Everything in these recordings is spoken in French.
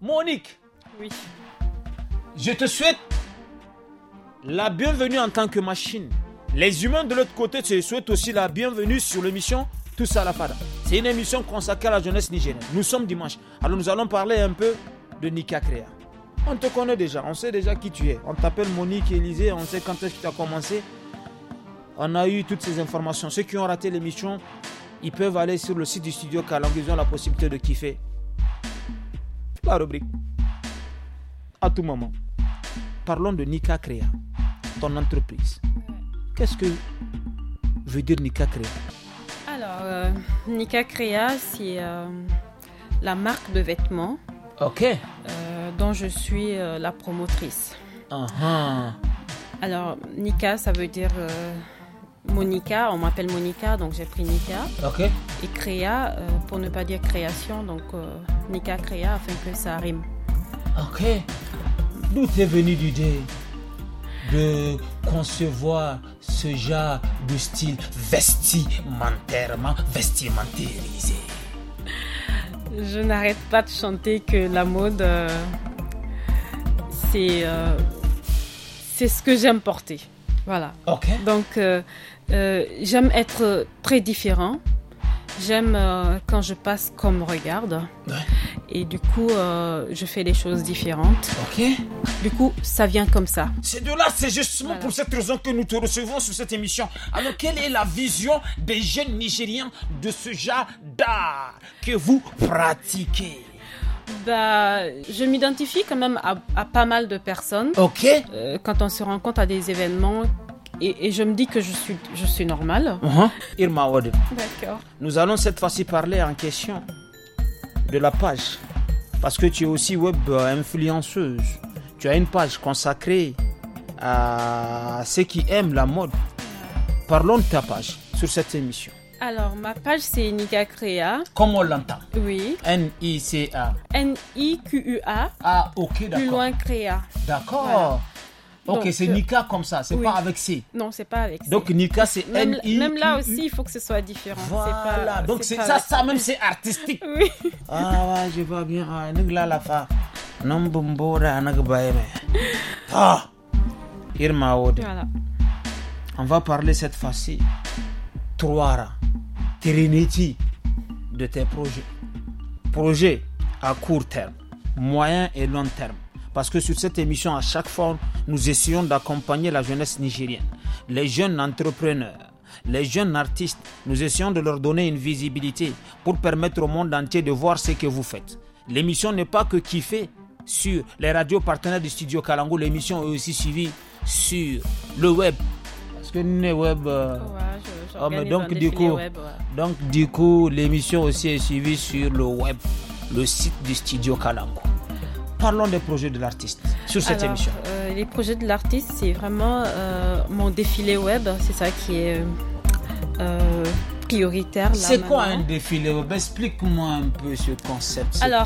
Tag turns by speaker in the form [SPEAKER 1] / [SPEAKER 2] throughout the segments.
[SPEAKER 1] Monique. Oui. Je te souhaite la bienvenue en tant que machine. Les humains de l'autre côté te souhaitent aussi la bienvenue sur l'émission Tout à la Fada. C'est une émission consacrée à la jeunesse nigérienne. Nous sommes dimanche. Alors nous allons parler un peu de Nika Créa. On te connaît déjà, on sait déjà qui tu es. On t'appelle Monique Élisée, on sait quand est-ce que tu as commencé. On a eu toutes ces informations. Ceux qui ont raté l'émission, ils peuvent aller sur le site du studio car ils ont la possibilité de kiffer la rubrique. À tout moment. Parlons de Nika Créa, ton entreprise. Qu'est-ce que veut dire Nika Crea
[SPEAKER 2] Alors, euh, Nika Créa, c'est euh, la marque de vêtements. Ok. Euh, dont je suis la promotrice. Uh-huh. Alors, Nika, ça veut dire. Monica, on m'appelle Monica, donc j'ai pris Nika. Ok. Et Créa, pour ne pas dire création, donc Nika créa afin que ça rime.
[SPEAKER 1] Ok. D'où est venue l'idée de concevoir ce genre de style vestimentairement vestimentarisé
[SPEAKER 2] Je n'arrête pas de chanter que la mode, euh, c'est euh, c'est ce que j'aime porter. Voilà. Ok. Donc, euh, j'aime être très différent. J'aime euh, quand je passe comme regarde. Et du coup, euh, je fais des choses différentes. Ok. Du coup, ça vient comme ça. C'est
[SPEAKER 1] de là, c'est justement pour cette raison que nous te recevons sur cette émission. Alors, quelle est la vision des jeunes Nigériens de ce genre d'art que vous pratiquez
[SPEAKER 2] bah, je m'identifie quand même à, pas mal de personnes. Ok. Euh, quand on se rend compte à des événements et, je me dis que je suis, je suis normale. Uh-huh. Irma Ode. D'accord. Nous
[SPEAKER 1] allons cette fois-ci parler en question de la page. Parce que tu es aussi web influenceuse. Tu as une page consacrée à ceux qui aiment la mode. Parlons de ta page sur cette émission.
[SPEAKER 2] Alors, ma page, c'est Nika Crea.
[SPEAKER 1] Comme on l'entend. Oui. N-I-C-A.
[SPEAKER 2] N-I-Q-U-A. Ah, ok, d'accord. Plus loin, Crea.
[SPEAKER 1] D'accord.
[SPEAKER 2] Ok, c'est Nika
[SPEAKER 1] comme ça, c'est pas avec C.
[SPEAKER 2] Non, c'est pas avec C.
[SPEAKER 1] Donc Nika, c'est N même, -I même là aussi,
[SPEAKER 2] il faut que ce soit différent. Voilà. Pas, Donc ça, ça même c'est artistique. Oui.
[SPEAKER 1] Ah ouais, je vois bien. là, la fa. Nambumbora Ah. Irma Ode. Voilà. On va parler cette fois-ci. Troara, Trinity, de tes projets. Projets à court terme, moyen et long terme. Parce que sur cette émission, à chaque fois, nous essayons d'accompagner la jeunesse nigérienne, les jeunes entrepreneurs, les jeunes artistes. Nous essayons de leur donner une visibilité pour permettre au monde entier de voir ce que vous faites. L'émission n'est pas que kiffée sur les radios partenaires du studio Kalango, l'émission est aussi suivie sur le web. Parce que le web... Euh, oh, donc, du coup, donc du coup, l'émission aussi est suivie sur le web, le site du studio Kalango parlons des projets de l'artiste sur cette émission.
[SPEAKER 2] Euh, les projets de l'artiste, c'est vraiment euh, mon défilé web, c'est ça qui est euh, prioritaire. C'est quoi un
[SPEAKER 1] défilé web Explique-moi un peu ce concept, s'il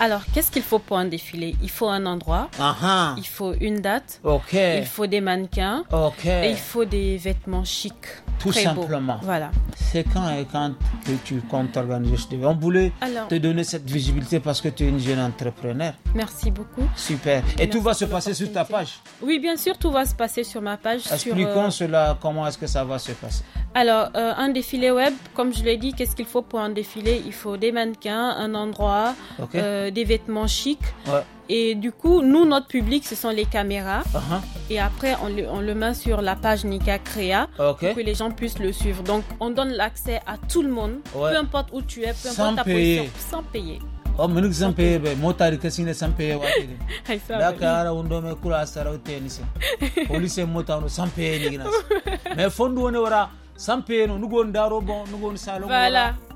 [SPEAKER 2] Alors, qu'est-ce qu'il faut pour un défilé Il faut un endroit,
[SPEAKER 1] uh-huh. il
[SPEAKER 2] faut une date, il faut des mannequins,
[SPEAKER 1] okay. et il faut
[SPEAKER 2] des vêtements chics tout simplement. Voilà.
[SPEAKER 1] C'est quand et euh, quand que tu comptes organiser ce On voulait te donner cette visibilité parce que tu es une jeune entrepreneur.
[SPEAKER 2] Merci beaucoup.
[SPEAKER 1] Super. Et tout va se passer sur ta page
[SPEAKER 2] Oui, bien sûr, tout va se passer sur ma page. Expliquons euh,
[SPEAKER 1] cela, comment est-ce que ça va se passer
[SPEAKER 2] alors, euh, un défilé web, comme je l'ai dit, qu'est-ce qu'il faut pour un défilé Il faut des mannequins, un endroit, euh, des vêtements chics. Et du coup, nous, notre public, ce sont les caméras. Ah, ah. Et après, on le, met sur la page Nika Crea pour que les gens puissent le suivre. Donc, on donne l'accès à tout le monde, peu importe où tu es, peu importe ta payer. position, sans payer.
[SPEAKER 1] Sans payer. nous peye be motari ka sine sans payer. wa
[SPEAKER 2] kede da ka
[SPEAKER 1] ara kula sans payer ni Mais fondu sampe voilà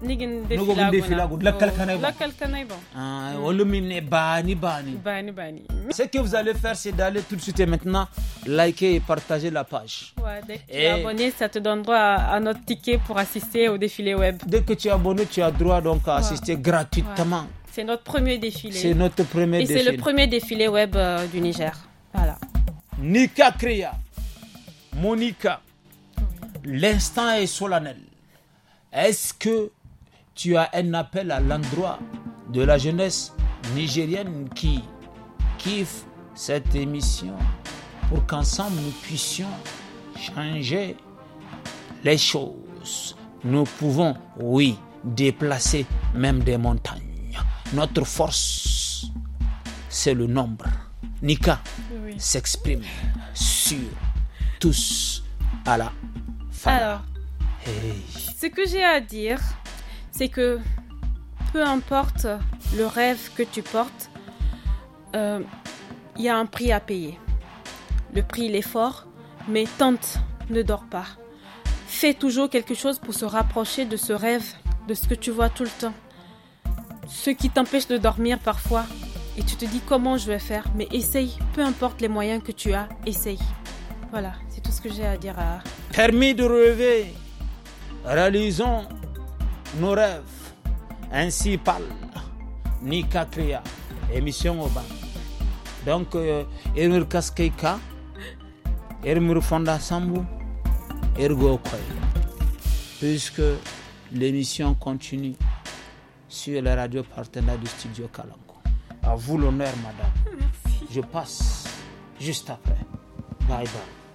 [SPEAKER 1] ce que vous allez faire c'est d'aller tout de suite et maintenant liker et partager
[SPEAKER 2] la page ouais, dès que et tu es abonné ça te donne droit à, notre ticket pour assister au défilé web dès que tu es abonné tu as droit donc à assister gratuitement c'est notre premier défilé c'est notre premier
[SPEAKER 1] défilé et c'est le premier
[SPEAKER 2] défilé web euh, du Niger voilà Nika Kriya
[SPEAKER 1] Monica L'instant est solennel. Est-ce que tu as un appel à l'endroit de la jeunesse nigérienne qui kiffe cette émission pour qu'ensemble nous puissions changer les choses. Nous pouvons, oui, déplacer même des montagnes. Notre force, c'est le nombre. Nika s'exprime sur tous à la
[SPEAKER 2] alors, ce que j'ai à dire, c'est que peu importe le rêve que tu portes, euh, il y a un prix à payer. Le prix, il est fort, mais tente, ne dors pas. Fais toujours quelque chose pour se rapprocher de ce rêve, de ce que tu vois tout le temps. Ce qui t'empêche de dormir parfois, et tu te dis comment je vais faire, mais essaye, peu importe les moyens que tu as, essaye. Voilà, c'est tout ce que j'ai à dire à,
[SPEAKER 1] permis de rêver. Réalisons nos rêves. Ainsi parle Nika Kriya, émission Oban. Donc, Ermur euh, Kaskeika, Ermur Fonda Sambu, Ergo Puisque l'émission continue sur la radio partenaire du studio Kalango. À vous l'honneur, madame. Je passe juste après. Bye bye.